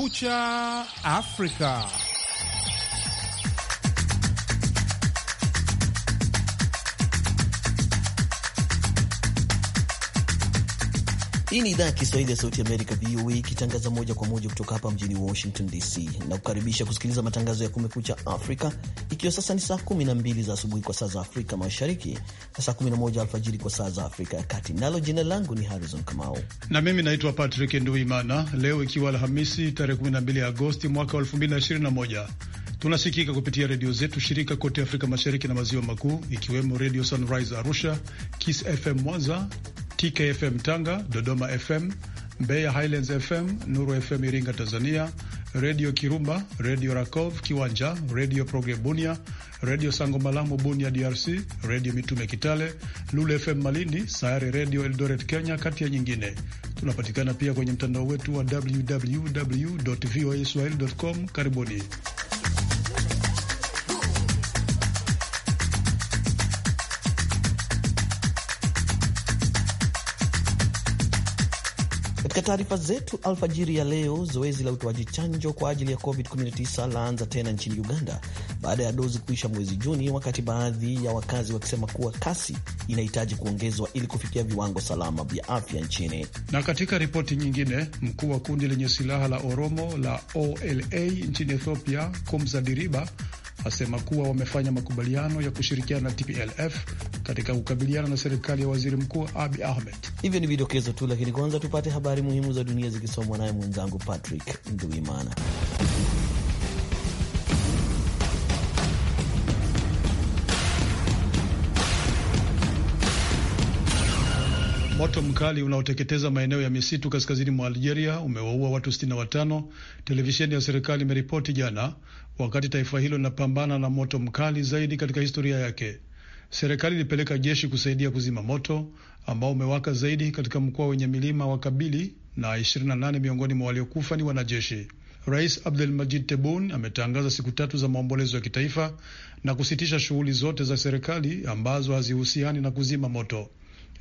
Kumekucha Afrika. Hii ni idhaa ya Kiswahili ya Sauti Amerika, VOA, ikitangaza moja kwa moja kutoka hapa mjini Washington DC na kukaribisha kusikiliza matangazo ya Kumekucha Afrika, ikiwa sasa ni saa 12 za asubuhi kwa saa za Afrika Mashariki na saa 11 alfajiri kwa saa za Afrika ya Kati. Nalo jina langu ni Harrison Kamau na mimi naitwa Patrick Nduimana. Leo ikiwa Alhamisi tarehe 12 Agosti mwaka 2021 Tunasikika kupitia redio zetu shirika kote Afrika Mashariki na Maziwa Makuu, ikiwemo redio Sunrise Arusha, Kiss FM Mwanza, TKFM Tanga, Dodoma FM, Mbeya Highlands FM, Nuru FM Iringa Tanzania, Redio Kirumba, Redio Rakov Kiwanja, Redio Progre Bunia, Redio Sango Malamu Bunia DRC, Redio Mitume Kitale, Lule FM Malindi, Sayari Redio Eldoret Kenya, kati ya nyingine. Tunapatikana pia kwenye mtandao wetu wa www voa swahili com. Karibuni. Katika taarifa zetu alfajiri ya leo, zoezi la utoaji chanjo kwa ajili ya COVID-19 laanza tena nchini Uganda baada ya dozi kuisha mwezi Juni, wakati baadhi ya wakazi wakisema kuwa kasi inahitaji kuongezwa ili kufikia viwango salama vya afya nchini. Na katika ripoti nyingine, mkuu wa kundi lenye silaha la Oromo la OLA nchini Ethiopia, Kumza Diriba asema kuwa wamefanya makubaliano ya kushirikiana na TPLF katika kukabiliana na serikali ya waziri mkuu Abi Ahmed. Hivyo ni vidokezo tu, lakini kwanza tupate habari muhimu za dunia zikisomwa naye mwenzangu Patrick Nduimana. Moto mkali unaoteketeza maeneo ya misitu kaskazini mwa Algeria umewaua watu 65, televisheni ya serikali imeripoti jana, wakati taifa hilo linapambana na moto mkali zaidi katika historia yake. Serikali ilipeleka jeshi kusaidia kuzima moto ambao umewaka zaidi katika mkoa wenye milima wa Kabili, na 28 miongoni mwa waliokufa ni wanajeshi. Rais abdel Majid tebun ametangaza siku tatu za maombolezo ya kitaifa na kusitisha shughuli zote za serikali ambazo hazihusiani na kuzima moto.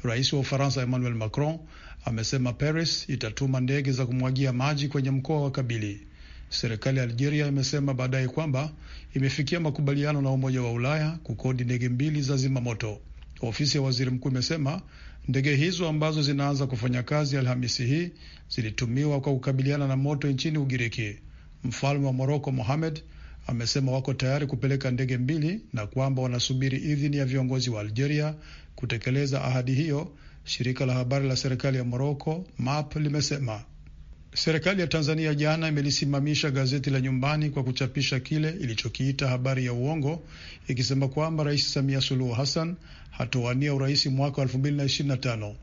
Rais wa Ufaransa Emmanuel Macron amesema Paris itatuma ndege za kumwagia maji kwenye mkoa wa Kabili. Serikali ya Algeria imesema baadaye kwamba imefikia makubaliano na Umoja wa Ulaya kukodi ndege mbili za zimamoto. Ofisi ya waziri mkuu imesema ndege hizo ambazo zinaanza kufanya kazi Alhamisi hii zilitumiwa kwa kukabiliana na moto nchini Ugiriki. Mfalme wa Moroko Mohamed amesema wako tayari kupeleka ndege mbili na kwamba wanasubiri idhini ya viongozi wa Algeria Kutekeleza ahadi hiyo, shirika la habari la serikali ya Moroko MAP limesema. Serikali ya Tanzania jana imelisimamisha gazeti la Nyumbani kwa kuchapisha kile ilichokiita habari ya uongo ikisema kwamba Rais Samia Suluhu Hassan hatowania urais mwaka 2025.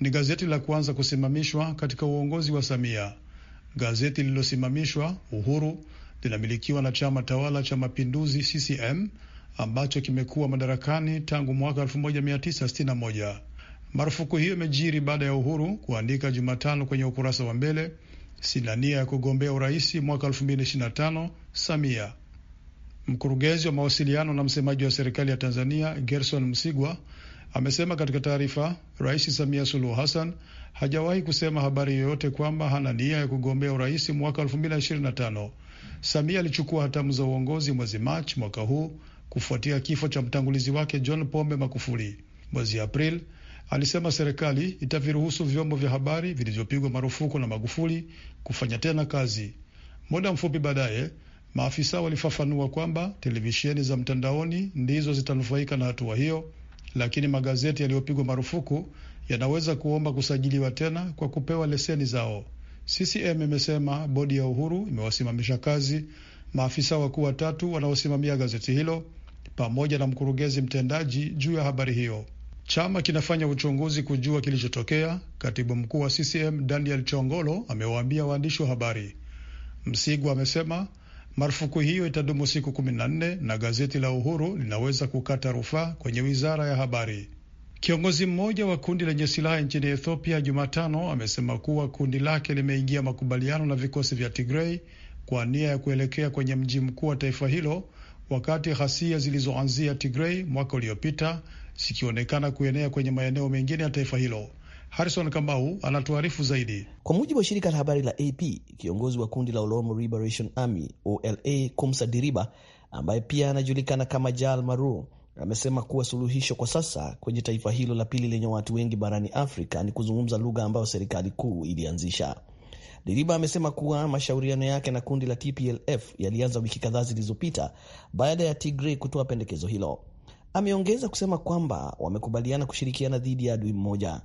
Ni gazeti la kwanza kusimamishwa katika uongozi wa Samia. Gazeti lililosimamishwa Uhuru linamilikiwa na chama tawala cha Mapinduzi CCM ambacho kimekuwa madarakani tangu mwaka 1961. Marufuku hiyo imejiri baada ya Uhuru kuandika Jumatano kwenye ukurasa wa mbele, sina nia ya kugombea urais mwaka 2025 Samia. Mkurugenzi wa mawasiliano na msemaji wa serikali ya Tanzania Gerson Msigwa amesema katika taarifa, Rais Samia Suluhu Hassan hajawahi kusema habari yoyote kwamba hana nia ya kugombea urais mwaka 2025. Samia alichukua hatamu za uongozi mwezi Machi mwaka huu kufuatia kifo cha mtangulizi wake John Pombe Magufuli. Mwezi Aprili alisema serikali itaviruhusu vyombo vya habari vilivyopigwa marufuku na Magufuli kufanya tena kazi. Muda mfupi baadaye, maafisa walifafanua kwamba televisheni za mtandaoni ndizo zitanufaika na hatua hiyo, lakini magazeti yaliyopigwa marufuku yanaweza kuomba kusajiliwa tena kwa kupewa leseni zao. CCM imesema bodi ya Uhuru imewasimamisha kazi maafisa wakuu watatu wanaosimamia gazeti hilo pamoja na mkurugenzi mtendaji juu ya habari hiyo. Chama kinafanya uchunguzi kujua kilichotokea. Katibu mkuu wa CCM Daniel Chongolo amewaambia waandishi wa habari. Msigwa amesema marufuku hiyo itadumu siku kumi na nne na gazeti la Uhuru linaweza kukata rufaa kwenye wizara ya habari. Kiongozi mmoja wa kundi lenye silaha nchini Ethiopia Jumatano amesema kuwa kundi lake limeingia makubaliano na vikosi vya Tigrei kwa nia ya kuelekea kwenye mji mkuu wa taifa hilo wakati ghasia zilizoanzia Tigrei mwaka uliopita zikionekana kuenea kwenye maeneo mengine ya taifa hilo. Harrison Kamau anatuarifu zaidi. Kwa mujibu wa shirika la habari la AP, kiongozi wa kundi la Oromo Liberation Army OLA kumsa Diriba, ambaye pia anajulikana kama jal Maru, amesema kuwa suluhisho kwa sasa kwenye taifa hilo la pili lenye watu wengi barani Afrika ni kuzungumza lugha ambayo serikali kuu ilianzisha. Diriba amesema kuwa mashauriano yake na kundi la TPLF yalianza wiki kadhaa zilizopita baada ya Tigray kutoa pendekezo hilo. Ameongeza kusema kwamba wamekubaliana kushirikiana dhidi ya adui mmoja.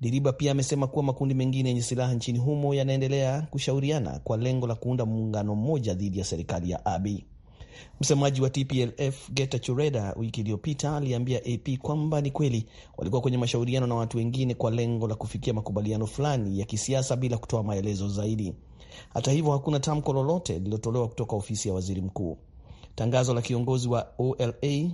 Diriba pia amesema kuwa makundi mengine yenye silaha nchini humo yanaendelea kushauriana kwa lengo la kuunda muungano mmoja dhidi ya serikali ya Abiy. Msemaji wa TPLF geta chureda wiki iliyopita aliambia AP kwamba ni kweli walikuwa kwenye mashauriano na watu wengine kwa lengo la kufikia makubaliano fulani ya kisiasa bila kutoa maelezo zaidi. Hata hivyo, hakuna tamko lolote lililotolewa kutoka ofisi ya waziri mkuu. Tangazo la kiongozi wa OLA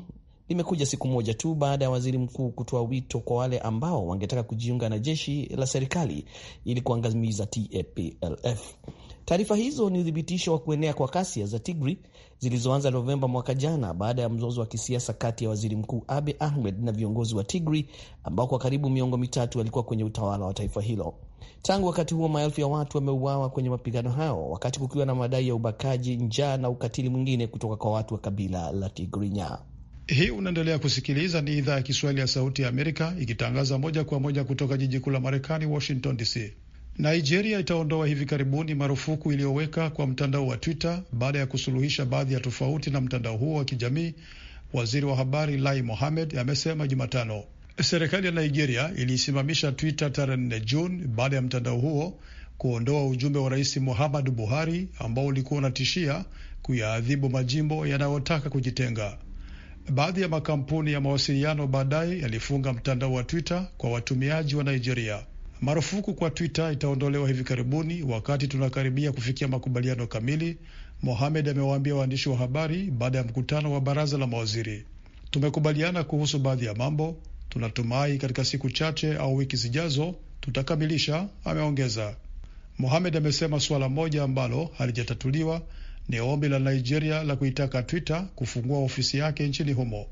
limekuja siku moja tu baada ya waziri mkuu kutoa wito kwa wale ambao wangetaka kujiunga na jeshi la serikali ili kuangamiza TPLF. Taarifa hizo ni uthibitisho wa kuenea kwa kasia za Tigri zilizoanza Novemba mwaka jana baada ya mzozo wa kisiasa kati ya waziri mkuu Abe Ahmed na viongozi wa Tigri ambao kwa karibu miongo mitatu walikuwa kwenye utawala wa taifa hilo. Tangu wakati huo, maelfu ya watu wameuawa kwenye mapigano hayo, wakati kukiwa na madai ya ubakaji, njaa na ukatili mwingine kutoka kwa watu wa kabila la Tigrinya. Hii unaendelea kusikiliza, ni idhaa ya Kiswahili ya Sauti ya Amerika ikitangaza moja kwa moja kutoka jiji kuu la Marekani, Washington DC. Nigeria itaondoa hivi karibuni marufuku iliyoweka kwa mtandao wa Twitter baada ya kusuluhisha baadhi ya tofauti na mtandao huo wa kijamii, waziri wa habari Lai Mohammed amesema Jumatano. Serikali ya Nigeria iliisimamisha Twitter tarehe 4 Juni baada ya mtandao huo kuondoa ujumbe wa rais Muhammadu Buhari ambao ulikuwa unatishia kuyaadhibu majimbo yanayotaka kujitenga. Baadhi ya makampuni ya mawasiliano baadaye yalifunga mtandao wa Twitter kwa watumiaji wa Nigeria. Marufuku kwa Twitter itaondolewa hivi karibuni, wakati tunakaribia kufikia makubaliano kamili, Mohamed amewaambia waandishi wa habari baada ya mkutano wa baraza la mawaziri. Tumekubaliana kuhusu baadhi ya mambo, tunatumai katika siku chache au wiki zijazo tutakamilisha, ameongeza. Mohamed amesema suala moja ambalo halijatatuliwa ni ombi la Nigeria la kuitaka Twitter kufungua ofisi yake nchini humo.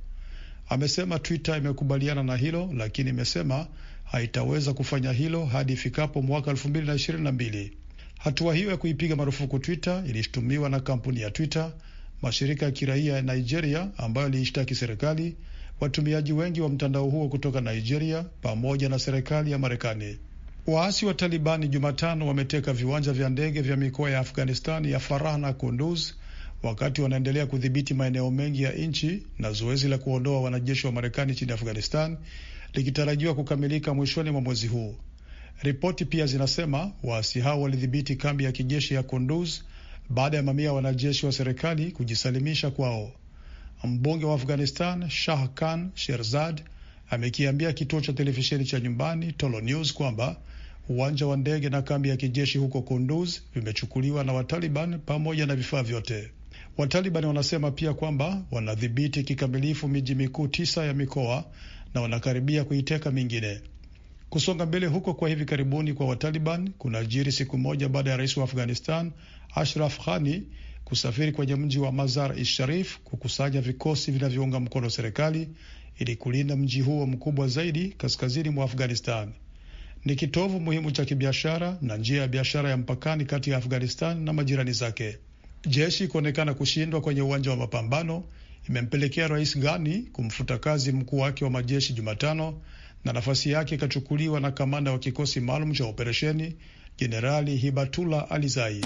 Amesema Twitter imekubaliana na hilo, lakini imesema haitaweza kufanya hilo hadi ifikapo mwaka 2022. Hatua hiyo ya kuipiga marufuku Twitter ilishutumiwa na kampuni ya Twitter, mashirika ya kiraia ya Nigeria ambayo iliishtaki serikali, watumiaji wengi wa mtandao huo kutoka Nigeria pamoja na serikali ya Marekani. Waasi wa Talibani Jumatano wameteka viwanja vya ndege vya mikoa ya Afghanistani ya Farah na Kunduz wakati wanaendelea kudhibiti maeneo mengi ya nchi na zoezi la kuondoa wanajeshi wa Marekani nchini Afghanistan likitarajiwa kukamilika mwishoni mwa mwezi huu. Ripoti pia zinasema waasi hao walidhibiti kambi ya kijeshi ya Kunduz baada ya mamia wanajeshi wa serikali kujisalimisha kwao. Mbunge wa Afghanistan Shah Khan Sherzad amekiambia kituo cha televisheni cha nyumbani Tolo News kwamba uwanja wa ndege na kambi ya kijeshi huko Kunduz vimechukuliwa na Wataliban pamoja na vifaa vyote. Wataliban wanasema pia kwamba wanadhibiti kikamilifu miji mikuu tisa ya mikoa na wanakaribia kuiteka mingine. Kusonga mbele huko kwa hivi karibuni kwa Wataliban ajiri siku moja baada ya rais wa Afghanistan Ashraf Ghani kusafiri kwenye mji wa Mazar i Sharif kukusanya vikosi vinavyounga mkono serikali ili kulinda mji huo mkubwa zaidi kaskazini mwa Afghanistan. Ni kitovu muhimu cha kibiashara na njia ya biashara ya mpakani kati ya Afghanistan na majirani zake. Jeshi kuonekana kushindwa kwenye uwanja wa mapambano imempelekea rais Ghani kumfuta kazi mkuu wake wa majeshi Jumatano na nafasi yake ikachukuliwa na kamanda wa kikosi maalum cha operesheni Jenerali Hibatula Alizai.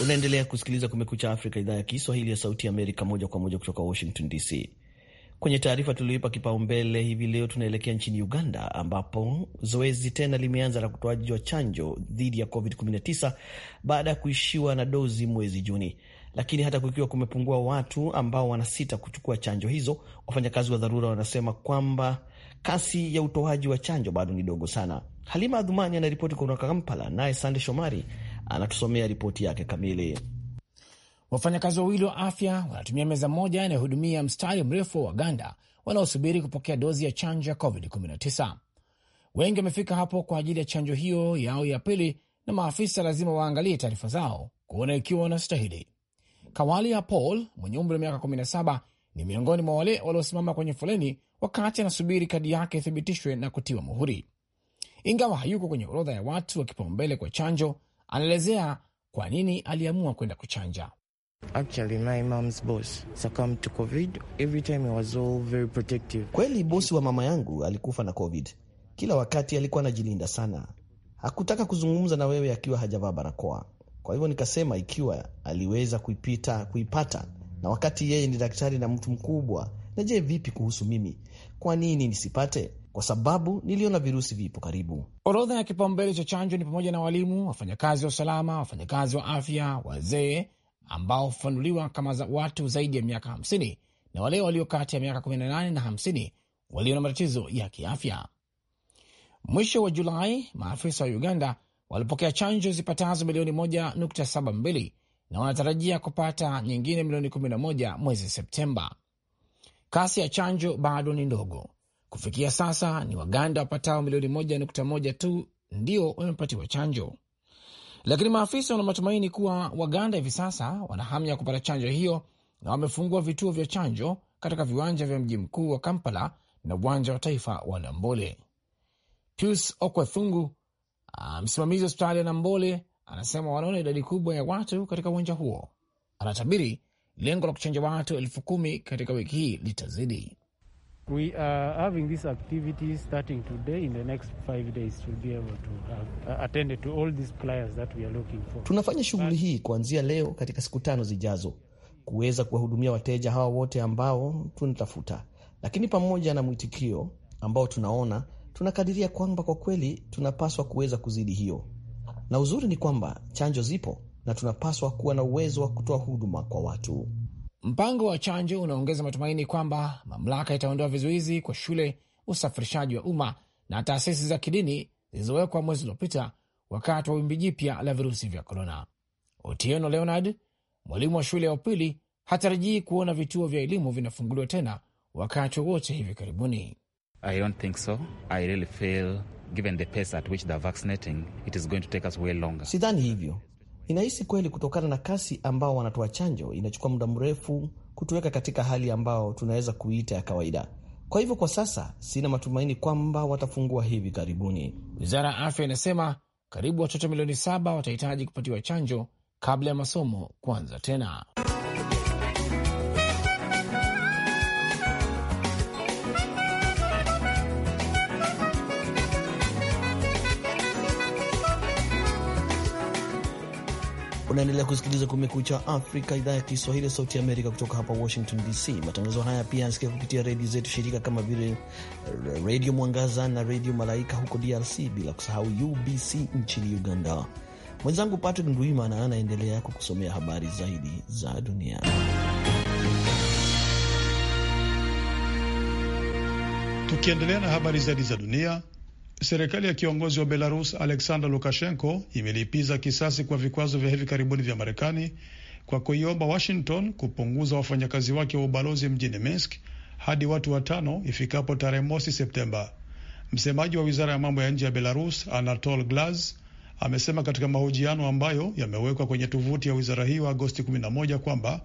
Unaendelea kusikiliza Kumekucha Afrika, idhaa ya Kiswahili ya Sauti ya Amerika, moja kwa moja kutoka Washington DC. Kwenye taarifa tulioipa kipaumbele hivi leo, tunaelekea nchini Uganda ambapo zoezi tena limeanza la kutoajwa chanjo dhidi ya COVID-19 baada ya kuishiwa na dozi mwezi Juni. Lakini hata kukiwa kumepungua watu ambao wanasita kuchukua chanjo hizo, wafanyakazi wa dharura wanasema kwamba kasi ya utoaji wa chanjo bado ni dogo sana. Halima Adhumani anaripoti kutoka Kampala, naye Sande Shomari anatusomea ripoti yake kamili. Wafanyakazi wawili wa afya wanatumia meza moja inayohudumia mstari mrefu wa Waganda wanaosubiri kupokea dozi ya chanjo ya COVID-19. Wengi wamefika hapo kwa ajili ya chanjo hiyo yao ya pili, na maafisa lazima waangalie taarifa zao kuona ikiwa wanastahili. Kawalia Paul mwenye umri wa miaka 17 ni miongoni mwa wale waliosimama kwenye foleni wakati anasubiri kadi yake ithibitishwe na kutiwa muhuri. Ingawa hayuko kwenye orodha ya watu wa kipaumbele kwa chanjo, anaelezea kwa nini aliamua kwenda kuchanja. Kweli bosi wa mama yangu alikufa na COVID. Kila wakati alikuwa anajilinda sana, hakutaka kuzungumza na wewe akiwa hajavaa barakoa. Kwa hivyo nikasema ikiwa aliweza kuipita kuipata, na wakati yeye ni daktari na mtu mkubwa, na je, vipi kuhusu mimi? Kwa nini nisipate? Kwa sababu niliona virusi vipo karibu. Orodha ya kipaumbele cha chanjo ni pamoja na walimu, wafanyakazi wa usalama, wafanyakazi wa afya, wazee ambao hufanuliwa kama za watu zaidi ya miaka 50 na wale walio kati ya miaka 18 na 50 walio na matatizo ya kiafya. Mwisho wa Julai, maafisa wa Uganda walipokea chanjo zipatazo milioni 1.72 na wanatarajia kupata nyingine milioni 11 mwezi Septemba. Kasi ya chanjo bado ni ndogo. Kufikia sasa ni Waganda wapatao milioni 1.1 tu ndio wamepatiwa chanjo lakini maafisa wana matumaini kuwa Waganda hivi sasa wana hamu ya kupata chanjo hiyo na wamefungua vituo vya chanjo katika viwanja vya mji mkuu wa Kampala na uwanja wa taifa wa Nambole. Pius Okwethungu, ah, msimamizi wa hospitali ya Nambole, anasema wanaona idadi kubwa ya watu katika uwanja huo. Anatabiri lengo la kuchanja watu elfu kumi katika wiki hii litazidi. We are having these activities starting today. In the next five days we'll be able to have uh, attended to all these players that we are looking for. Tunafanya shughuli hii kuanzia leo katika siku tano zijazo kuweza kuwahudumia wateja hawa wote ambao tunatafuta, lakini pamoja na mwitikio ambao tunaona, tunakadiria kwamba kwa kweli tunapaswa kuweza kuzidi hiyo, na uzuri ni kwamba chanjo zipo na tunapaswa kuwa na uwezo wa kutoa huduma kwa watu. Mpango wa chanjo unaongeza matumaini kwamba mamlaka itaondoa vizuizi kwa shule, usafirishaji wa umma na taasisi za kidini zilizowekwa mwezi uliopita wakati wa wimbi jipya la virusi vya korona. Otieno Leonard, mwalimu wa shule ya upili, hatarajii kuona vituo vya elimu vinafunguliwa tena wakati wowote hivi karibuni. Sidhani hivyo. Inahisi kweli kutokana na kasi ambao wanatoa chanjo, inachukua muda mrefu kutuweka katika hali ambao tunaweza kuita ya kawaida. Kwa hivyo kwa sasa sina matumaini kwamba watafungua hivi karibuni. Wizara ya afya inasema karibu watoto milioni saba watahitaji kupatiwa chanjo kabla ya masomo kuanza tena. Unaendelea kusikiliza Kumekucha Afrika, idhaa ya Kiswahili ya Sauti ya Amerika kutoka hapa Washington DC. Matangazo haya pia yanasikia kupitia redio zetu shirika kama vile Redio Mwangaza na Redio Malaika huko DRC, bila kusahau UBC nchini Uganda. Mwenzangu Patrick Ndwimana anaendelea kukusomea habari zaidi za dunia. Tukiendelea na habari zaidi za dunia Serikali ya kiongozi wa Belarus Alexander Lukashenko imelipiza kisasi kwa vikwazo vya hivi karibuni vya Marekani kwa kuiomba Washington kupunguza wafanyakazi wake wa ubalozi mjini Minsk hadi watu watano ifikapo tarehe mosi Septemba. Msemaji wa wizara ya mambo ya nje ya Belarus Anatol Glaz amesema katika mahojiano ambayo yamewekwa kwenye tovuti ya wizara hiyo Agosti 11 kwamba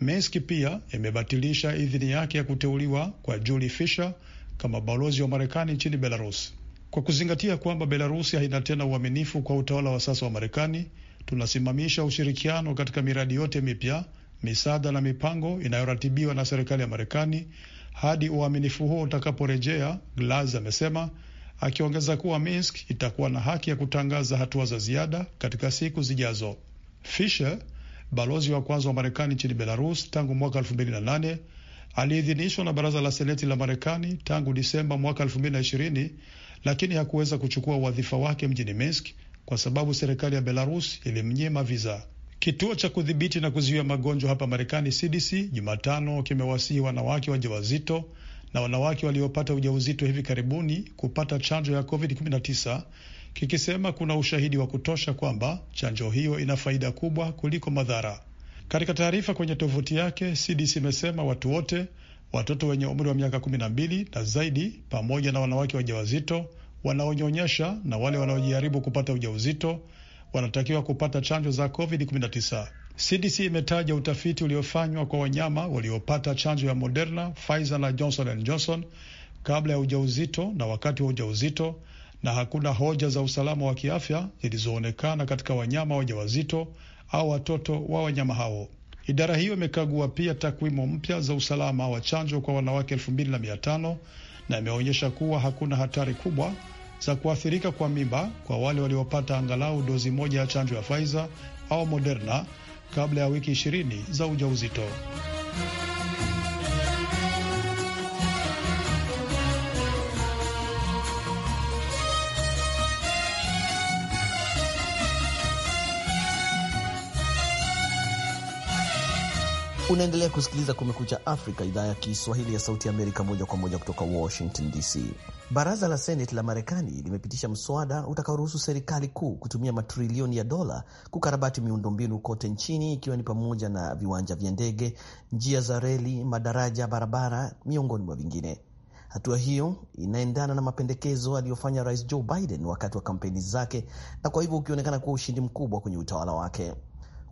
Minsk pia imebatilisha idhini yake ya kuteuliwa kwa Julie Fisher kama balozi wa Marekani nchini Belarus. Kwa kuzingatia kwamba Belarusi haina tena uaminifu kwa utawala wa sasa wa Marekani, tunasimamisha ushirikiano katika miradi yote mipya, misaada na mipango inayoratibiwa na serikali ya Marekani hadi uaminifu huo utakaporejea, Glas amesema, akiongeza kuwa Minsk itakuwa na haki ya kutangaza hatua za ziada katika siku zijazo. Fisher, balozi wa kwanza wa Marekani nchini Belarus tangu mwaka 2008, aliidhinishwa na baraza la seneti la Marekani tangu Disemba mwaka 2020 lakini hakuweza kuchukua wadhifa wake mjini Minsk kwa sababu serikali ya Belarus ilimnyima viza. Kituo cha kudhibiti na kuzuia magonjwa hapa Marekani, CDC, Jumatano kimewasihi wanawake wajawazito na wanawake waliopata ujauzito hivi karibuni kupata chanjo ya COVID-19 kikisema kuna ushahidi wa kutosha kwamba chanjo hiyo ina faida kubwa kuliko madhara. Katika taarifa kwenye tovuti yake, CDC imesema watu wote watoto wenye umri wa miaka kumi na mbili na zaidi, pamoja na wanawake wajawazito, wanaonyonyesha na wale wanaojaribu kupata ujauzito wanatakiwa kupata chanjo za COVID-19. CDC imetaja utafiti uliofanywa kwa wanyama waliopata chanjo ya Moderna, Pfizer na Johnson and Johnson kabla ya ujauzito na wakati wa ujauzito, na hakuna hoja za usalama wa kiafya zilizoonekana katika wanyama wajawazito au watoto wa wanyama hao. Idara hiyo imekagua pia takwimu mpya za usalama wa chanjo kwa wanawake elfu mbili na mia tano na imeonyesha kuwa hakuna hatari kubwa za kuathirika kwa mimba kwa wale waliopata angalau dozi moja ya chanjo ya Pfizer au Moderna kabla ya wiki ishirini za ujauzito. Unaendelea kusikiliza Kumekucha Afrika, idhaa ya Kiswahili ya Sauti Amerika, moja kwa moja kutoka Washington DC. Baraza la Seneti la Marekani limepitisha mswada utakaoruhusu serikali kuu kutumia matrilioni ya dola kukarabati miundombinu kote nchini, ikiwa ni pamoja na viwanja vya ndege, njia za reli, madaraja, barabara, miongoni mwa vingine. Hatua hiyo inaendana na mapendekezo aliyofanya Rais Joe Biden wakati wa kampeni zake, na kwa hivyo ukionekana kuwa ushindi mkubwa kwenye utawala wake.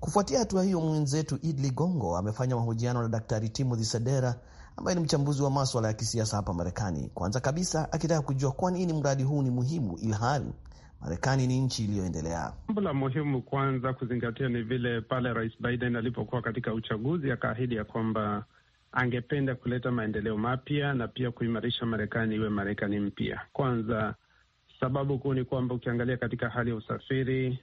Kufuatia hatua hiyo, mwenzetu Idli Gongo amefanya mahojiano na Daktari Timothy sadera ambaye ni mchambuzi wa maswala ya kisiasa hapa Marekani, kwanza kabisa akitaka kujua kwa nini mradi huu ni muhimu ilhali Marekani ni nchi iliyoendelea. Jambo la muhimu kwanza kuzingatia ni vile pale Rais Biden alipokuwa katika uchaguzi akaahidi ya kwamba angependa kuleta maendeleo mapya na pia kuimarisha Marekani iwe Marekani mpya. Kwanza sababu kuu ni kwamba ukiangalia katika hali ya usafiri,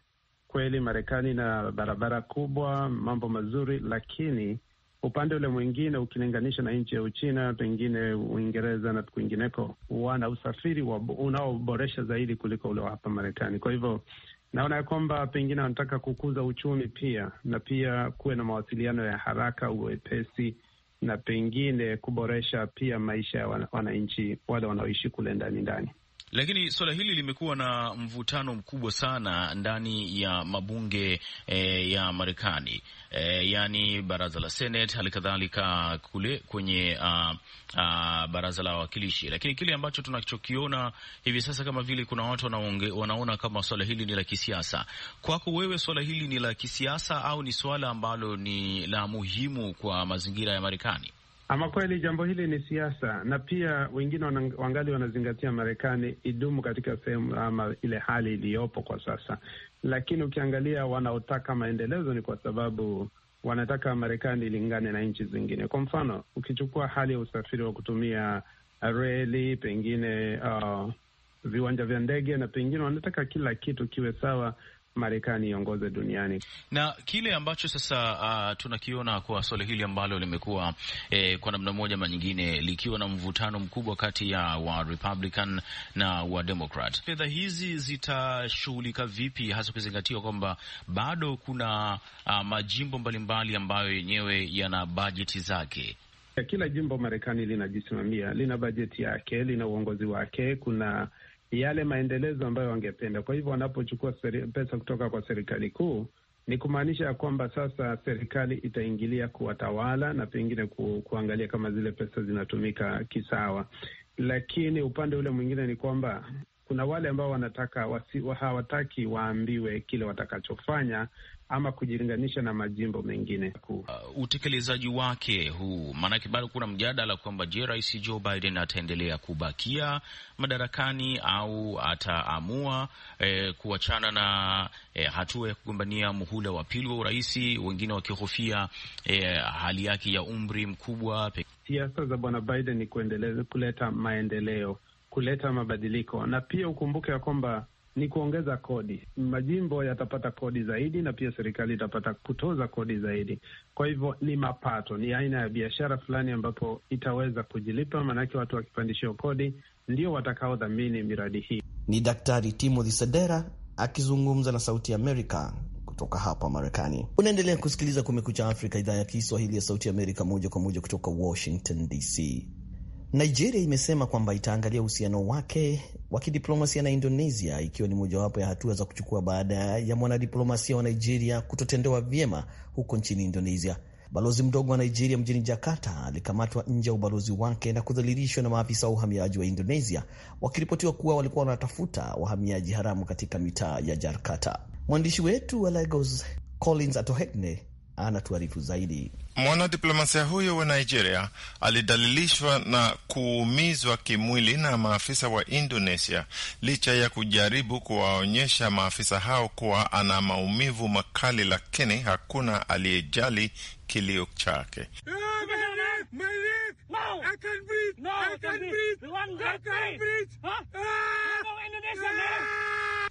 Kweli Marekani ina barabara kubwa, mambo mazuri, lakini upande ule mwingine ukilinganisha na nchi ya Uchina, pengine Uingereza na kwingineko, wana usafiri unaoboresha zaidi kuliko ule wa hapa Marekani. Kwa hivyo naona ya kwamba pengine wanataka kukuza uchumi pia, na pia kuwe na mawasiliano ya haraka, uwepesi na pengine kuboresha pia maisha ya wananchi wale wanaoishi kule ndani ndani. Lakini suala hili limekuwa na mvutano mkubwa sana ndani ya mabunge e, ya Marekani e, yaani baraza la Senate, hali kadhalika kule kwenye a, ah, a, ah, baraza la wawakilishi. Lakini kile ambacho tunachokiona hivi sasa kama vile kuna watu wanaonge, wanaona kama suala hili ni la kisiasa. Kwako wewe suala hili ni la kisiasa au ni suala ambalo ni la muhimu kwa mazingira ya Marekani? Ama kweli jambo hili ni siasa, na pia wengine wangali wanazingatia Marekani idumu katika sehemu ama ile hali iliyopo kwa sasa, lakini ukiangalia wanaotaka maendelezo ni kwa sababu wanataka Marekani ilingane na nchi zingine. Kwa mfano, ukichukua hali ya usafiri wa kutumia reli, pengine uh, viwanja vya ndege na pengine wanataka kila kitu kiwe sawa Marekani iongoze duniani. Na kile ambacho sasa uh, tunakiona kwa swala hili ambalo limekuwa eh, kwa namna moja ama nyingine likiwa na mvutano mkubwa kati ya wa Republican na wa Democrat, fedha hizi zitashughulika vipi, hasa ukizingatia kwamba bado kuna uh, majimbo mbalimbali ambayo yenyewe yana bajeti zake. Kila jimbo Marekani linajisimamia, lina bajeti yake, lina uongozi wake, kuna yale maendelezo ambayo wangependa. Kwa hivyo wanapochukua pesa kutoka kwa serikali kuu ni kumaanisha ya kwamba sasa serikali itaingilia kuwatawala na pengine ku, kuangalia kama zile pesa zinatumika kisawa. Lakini upande ule mwingine ni kwamba kuna wale ambao wanataka wasi, hawataki waambiwe kile watakachofanya ama kujilinganisha na majimbo mengine kuu. Uh, utekelezaji wake huu, maanake bado kuna mjadala kwamba je, rais Joe Biden ataendelea kubakia madarakani au ataamua eh, kuachana na eh, hatua ya kugombania muhula wa pili wa urais, wengine wakihofia eh, hali yake ya umri mkubwa. Siasa za bwana Biden ni kuendeleza kuleta maendeleo kuleta mabadiliko, na pia ukumbuke ya kwamba ni kuongeza kodi. Majimbo yatapata kodi zaidi, na pia serikali itapata kutoza kodi zaidi. Kwa hivyo ni mapato, ni aina ya biashara fulani ambapo itaweza kujilipa, maanake watu wakipandishiwa kodi ndio watakaodhamini miradi hii. Ni Daktari Timothy Sedera akizungumza na Sauti Amerika kutoka hapa Marekani. Unaendelea kusikiliza Kumekucha Afrika, idhaa ya Kiswahili ya Sauti Amerika, moja kwa moja kutoka Washington DC. Nigeria imesema kwamba itaangalia uhusiano wake wa kidiplomasia na Indonesia ikiwa ni mojawapo ya hatua za kuchukua baada ya mwanadiplomasia wa Nigeria kutotendewa vyema huko nchini Indonesia. Balozi mdogo wa Nigeria mjini Jakarta alikamatwa nje ya ubalozi wake na kudhalilishwa na maafisa wa uhamiaji wa Indonesia wakiripotiwa kuwa walikuwa wanatafuta wahamiaji haramu katika mitaa ya Jakarta. Mwandishi wetu wa Lagos Collins Atohekne anatuarifu zaidi. Mwanadiplomasia huyo wa Nigeria alidalilishwa na kuumizwa kimwili na maafisa wa Indonesia licha ya kujaribu kuwaonyesha maafisa hao kuwa ana maumivu makali, lakini hakuna aliyejali kilio chake.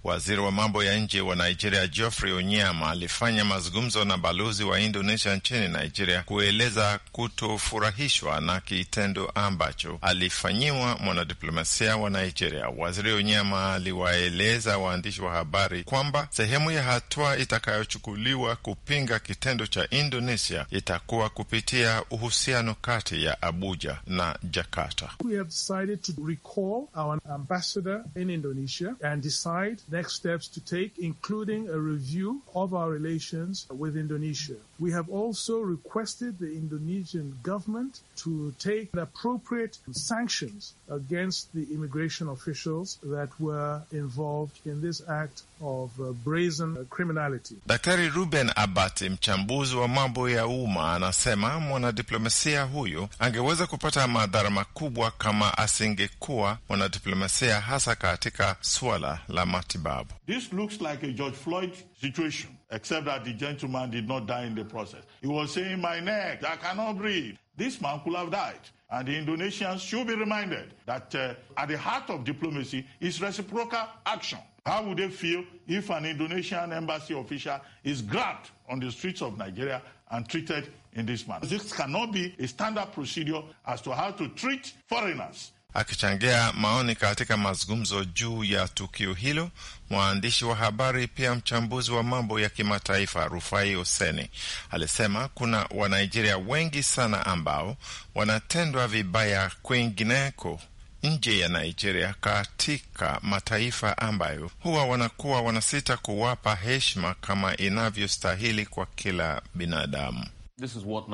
Waziri wa mambo ya nje wa Nigeria Geoffrey Onyama alifanya mazungumzo na balozi wa Indonesia nchini Nigeria kueleza kutofurahishwa na kitendo ambacho alifanyiwa mwanadiplomasia wa Nigeria. Waziri Onyama aliwaeleza waandishi wa habari kwamba sehemu ya hatua itakayochukuliwa kupinga kitendo cha Indonesia itakuwa kupitia uhusiano kati ya Abuja na Jakarta. We have decided to recall our ambassador in Indonesia and decide next steps to take, including a review of our relations with Indonesia. We have also requested the Indonesian government to take appropriate sanctions against the immigration officials that were involved in this act of uh, brazen criminality. Daktari Ruben Abati, mchambuzi wa mambo ya umma, anasema mwanadiplomasia huyu angeweza kupata madhara makubwa kama asingekuwa mwanadiplomasia, hasa katika suala la matibabu. This looks like a George Floyd situation, except that the gentleman did not die in the process. He was saying, My neck, I cannot breathe. This man could have died. And the Indonesians should be reminded that uh, at the heart of diplomacy is reciprocal action. How would they feel if an Indonesian embassy official is grabbed on the streets of Nigeria and treated in this manner? This cannot be a standard procedure as to how to treat foreigners Akichangia maoni katika mazungumzo juu ya tukio hilo, mwandishi wa habari pia mchambuzi wa mambo ya kimataifa Rufai useni alisema kuna Wanigeria wengi sana ambao wanatendwa vibaya kwingineko nje ya Nigeria, katika mataifa ambayo huwa wanakuwa wanasita kuwapa heshima kama inavyostahili kwa kila binadamu. This is what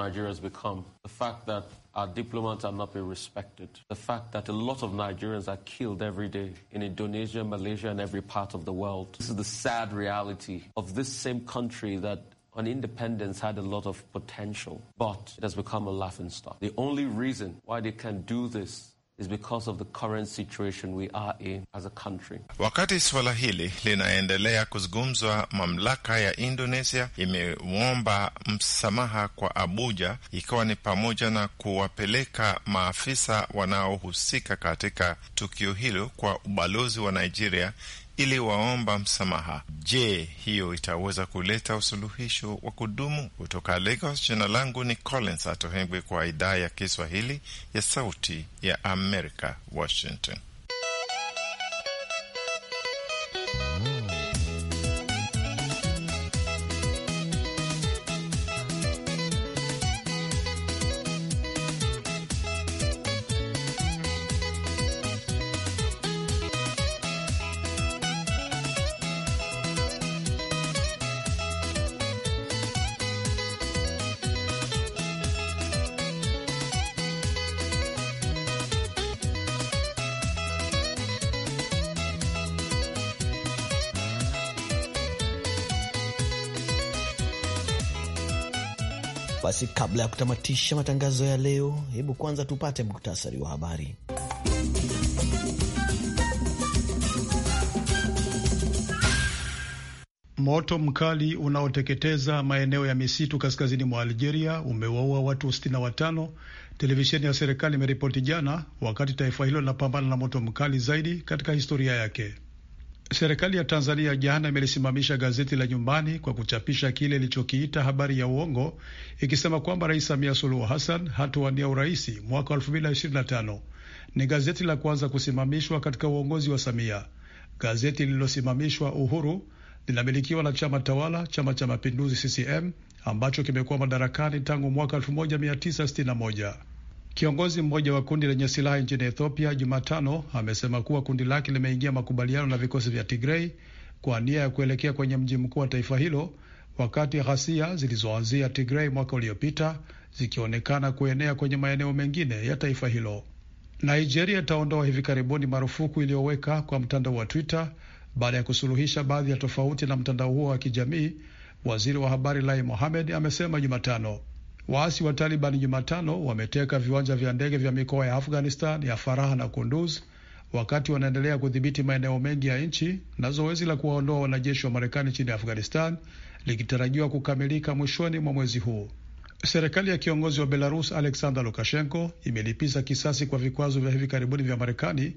our diplomats are not being respected. The fact that a lot of Nigerians are killed every day in Indonesia, Malaysia, and every part of the world. This is the sad reality of this same country that on independence had a lot of potential, but it has become a laughingstock. The only reason why they can do this Is because of the current situation we are in as a country. Wakati suala hili linaendelea kuzungumzwa, mamlaka ya Indonesia imemwomba msamaha kwa Abuja, ikiwa ni pamoja na kuwapeleka maafisa wanaohusika katika tukio hilo kwa ubalozi wa Nigeria ili waomba msamaha. Je, hiyo itaweza kuleta usuluhisho wa kudumu? Kutoka Lagos, jina langu ni Collins Atohengwi kwa idhaa ya Kiswahili ya Sauti ya Amerika, Washington. Basi kabla ya kutamatisha matangazo ya leo, hebu kwanza tupate muktasari wa habari. Moto mkali unaoteketeza maeneo ya misitu kaskazini mwa Algeria umewaua watu 65, televisheni ya serikali imeripoti jana, wakati taifa hilo linapambana na moto mkali zaidi katika historia yake. Serikali ya Tanzania jana imelisimamisha gazeti la Nyumbani kwa kuchapisha kile ilichokiita habari ya uongo ikisema kwamba Rais Samia Suluhu Hassan hatowania uraisi mwaka 2025. Ni gazeti la kwanza kusimamishwa katika uongozi wa Samia. Gazeti lililosimamishwa Uhuru linamilikiwa na chama tawala, Chama cha Mapinduzi, CCM, ambacho kimekuwa madarakani tangu mwaka 1961. Kiongozi mmoja wa kundi lenye silaha nchini Ethiopia Jumatano amesema kuwa kundi lake limeingia makubaliano na vikosi vya Tigrei kwa nia ya kuelekea kwenye mji mkuu wa taifa hilo, wakati ghasia zilizoanzia Tigrei mwaka uliopita zikionekana kuenea kwenye maeneo mengine ya taifa hilo. Nigeria itaondoa hivi karibuni marufuku iliyoweka kwa mtandao wa Twitter baada ya kusuluhisha baadhi ya tofauti na mtandao huo wa kijamii, waziri wa habari Lai Mohamed amesema Jumatano. Waasi wa Taliban Jumatano wameteka viwanja vya ndege vya mikoa ya Afghanistan ya Faraha na Kunduz wakati wanaendelea kudhibiti maeneo mengi ya nchi na zoezi la kuwaondoa wanajeshi wa Marekani nchini Afghanistan likitarajiwa kukamilika mwishoni mwa mwezi huu. Serikali ya kiongozi wa Belarus Alexander Lukashenko imelipiza kisasi kwa vikwazo vya hivi karibuni vya Marekani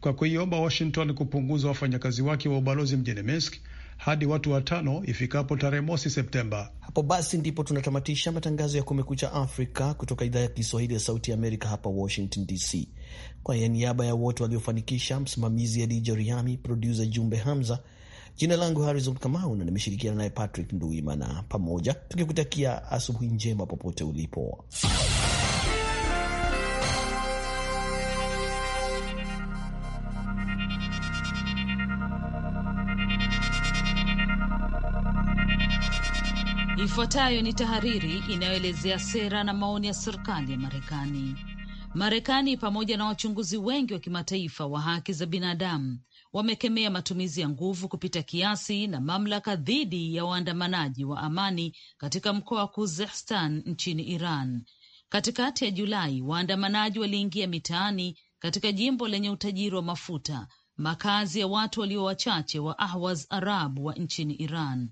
kwa kuiomba Washington kupunguza wafanyakazi wake wa ubalozi mjini Minsk hadi watu watano ifikapo tarehe mosi Septemba. Hapo basi ndipo tunatamatisha matangazo ya Kumekucha Afrika kutoka idhaa ya Kiswahili ya Sauti ya Amerika hapa Washington DC. Kwa niaba ya wote waliofanikisha, msimamizi Adija Riami, produsa Jumbe Hamza, jina langu harizon Kamau na nimeshirikiana naye Patrick Nduimana, pamoja tukikutakia asubuhi njema popote ulipo. Ifuatayo ni tahariri inayoelezea sera na maoni ya serikali ya Marekani. Marekani pamoja na wachunguzi wengi wa kimataifa wa haki za binadamu wamekemea matumizi ya nguvu kupita kiasi na mamlaka dhidi ya waandamanaji wa amani katika mkoa wa Khuzestan nchini Iran. Katikati ya Julai, waandamanaji waliingia mitaani katika jimbo lenye utajiri wa mafuta, makazi ya watu walio wachache wa Ahwaz Arab wa nchini Iran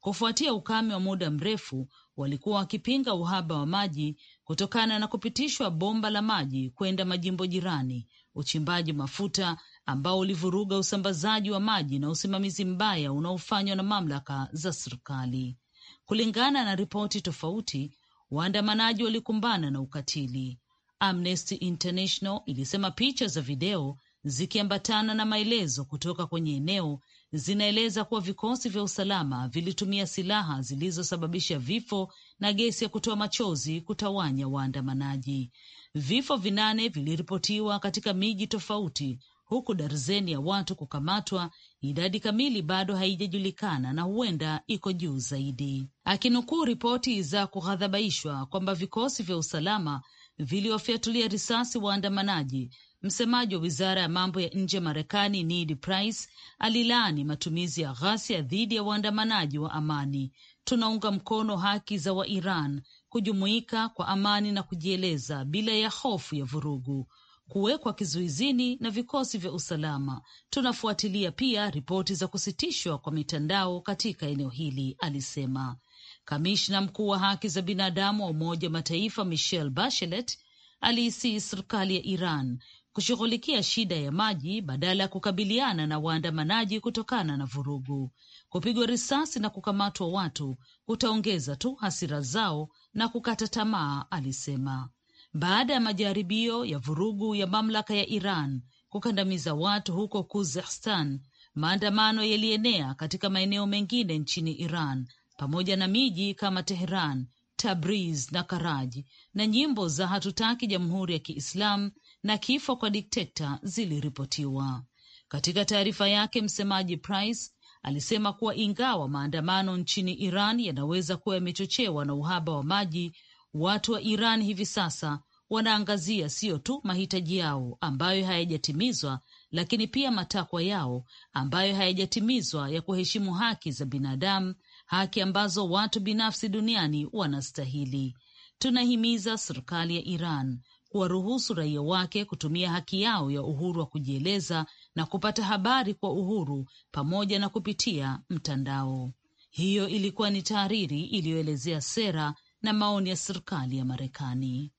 kufuatia ukame wa muda mrefu. Walikuwa wakipinga uhaba wa maji kutokana na kupitishwa bomba la maji kwenda majimbo jirani, uchimbaji mafuta ambao ulivuruga usambazaji wa maji na usimamizi mbaya unaofanywa na mamlaka za serikali. Kulingana na ripoti tofauti, waandamanaji walikumbana na ukatili. Amnesty International ilisema picha za video zikiambatana na maelezo kutoka kwenye eneo zinaeleza kuwa vikosi vya usalama vilitumia silaha zilizosababisha vifo na gesi ya kutoa machozi kutawanya waandamanaji. Vifo vinane viliripotiwa katika miji tofauti, huku darzeni ya watu kukamatwa. Idadi kamili bado haijajulikana na huenda iko juu zaidi. Akinukuu ripoti za kughadhabaishwa kwamba vikosi vya usalama viliwafyatulia risasi waandamanaji Msemaji wa wizara ya mambo ya nje ya Marekani Ned Price alilaani matumizi ya ghasia dhidi ya waandamanaji wa amani. Tunaunga mkono haki za Wairan kujumuika kwa amani na kujieleza bila ya hofu ya vurugu kuwekwa kizuizini na vikosi vya usalama. Tunafuatilia pia ripoti za kusitishwa kwa mitandao katika eneo hili, alisema. Kamishna mkuu wa haki za binadamu wa Umoja wa Mataifa Michelle Bachelet aliisii serikali ya Iran kushughulikia shida ya maji badala ya kukabiliana na waandamanaji kutokana na vurugu. Kupigwa risasi na kukamatwa watu kutaongeza tu hasira zao na kukata tamaa, alisema. Baada ya majaribio ya vurugu ya mamlaka ya Iran kukandamiza watu huko Kazakhstan, maandamano yalienea katika maeneo mengine nchini Iran pamoja na miji kama Teheran, Tabriz na Karaji, na nyimbo za hatutaki jamhuri ya Kiislamu na kifo kwa dikteta ziliripotiwa. Katika taarifa yake, msemaji Price alisema kuwa ingawa maandamano nchini Iran yanaweza kuwa yamechochewa na uhaba wa maji, watu wa Iran hivi sasa wanaangazia siyo tu mahitaji yao ambayo hayajatimizwa, lakini pia matakwa yao ambayo hayajatimizwa ya kuheshimu haki za binadamu, haki ambazo watu binafsi duniani wanastahili. Tunahimiza serikali ya Iran kuwaruhusu raia wake kutumia haki yao ya uhuru wa kujieleza na kupata habari kwa uhuru pamoja na kupitia mtandao. Hiyo ilikuwa ni tahariri iliyoelezea sera na maoni ya serikali ya Marekani.